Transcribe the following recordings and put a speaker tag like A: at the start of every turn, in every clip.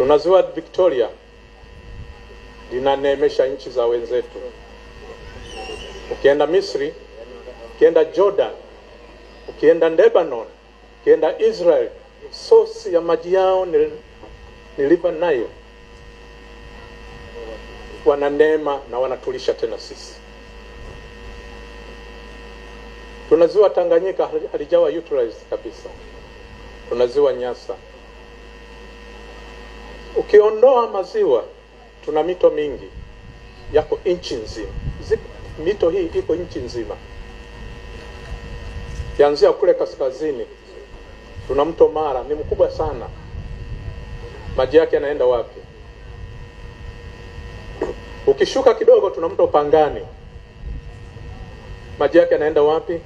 A: Tuna ziwa Victoria linaneemesha nchi za wenzetu. Ukienda Misri, ukienda Jordan, ukienda Lebanon, ukienda Israel, sosi ya maji yao ni, ni River Nile. Wana neema na wanatulisha tena sisi. Tuna ziwa Tanganyika halijawa utilized kabisa. Tuna ziwa Nyasa Ukiondoa maziwa, tuna mito mingi yako nchi nzima. Zip, mito hii iko nchi nzima, kianzia kule kaskazini. Tuna mto Mara, ni mkubwa sana. Maji yake yanaenda wapi? Ukishuka kidogo, tuna mto Pangani, maji yake yanaenda wapi?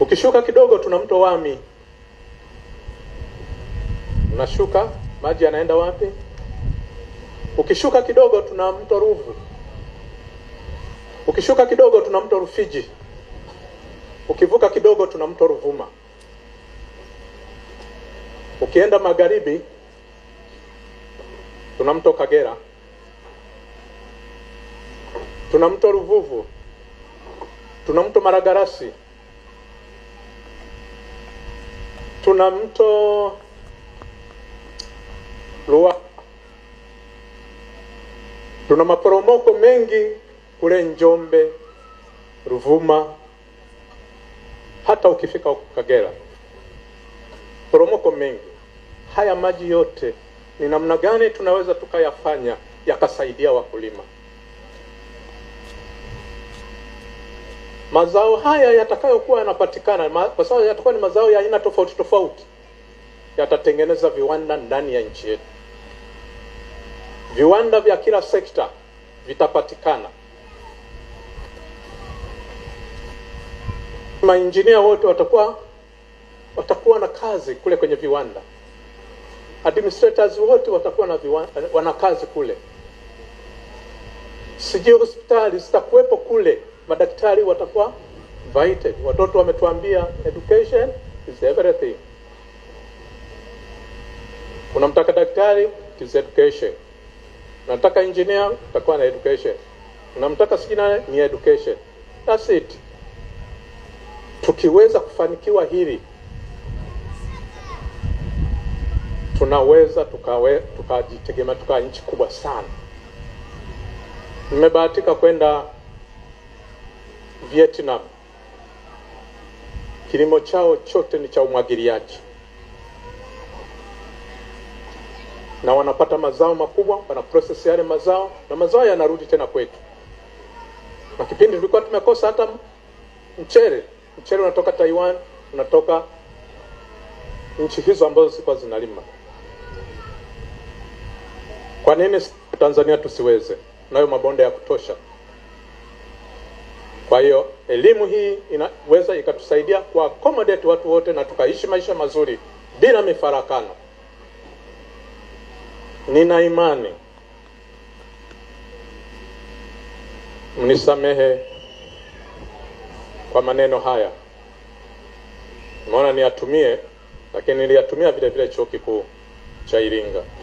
A: Ukishuka kidogo, tuna mto Wami, unashuka maji yanaenda wapi? Ukishuka kidogo tuna mto Ruvu, ukishuka kidogo tuna mto Rufiji, ukivuka kidogo tuna mto Ruvuma, ukienda magharibi tuna mto Kagera, tuna mto Ruvuvu, tuna mto Maragarasi, tuna mto Ruaha. Tuna maporomoko mengi kule Njombe, Ruvuma, hata ukifika huko Kagera, poromoko mengi. Haya maji yote ni namna gani tunaweza tukayafanya yakasaidia wakulima? Mazao haya yatakayokuwa yanapatikana, kwa sababu yatakuwa ni mazao ya aina tofauti tofauti, yatatengeneza viwanda ndani ya nchi yetu viwanda vya kila sekta vitapatikana. Mainjinia wote watakuwa watakuwa na kazi kule kwenye viwanda, administrators wote watakuwa na viwanda, wana kazi kule, sijui hospitali zitakuwepo kule, madaktari watakuwa invited. Watoto wametuambia education is everything. Unamtaka daktari, it is education nataka engineer, utakuwa na education, unamtaka sikina ni education. That's it. Tukiweza kufanikiwa hili tunaweza tukajitegemea tuka, tuka nchi kubwa sana. Nimebahatika kwenda Vietnam, kilimo chao chote ni cha umwagiliaji. na wanapata mazao makubwa, wana process yale mazao na mazao yanarudi tena kwetu. Na kipindi tulikuwa tumekosa hata mchere, mchere unatoka Taiwan, unatoka nchi hizo ambazo zilikuwa zinalima. Kwa nini Tanzania tusiweze? Nayo mabonde ya kutosha. Kwa hiyo elimu hii inaweza ikatusaidia kwa accommodate watu wote na tukaishi maisha mazuri bila mifarakano nina imani mnisamehe kwa maneno haya, maona niyatumie, lakini niliyatumia vile vile chuo kikuu cha Iringa.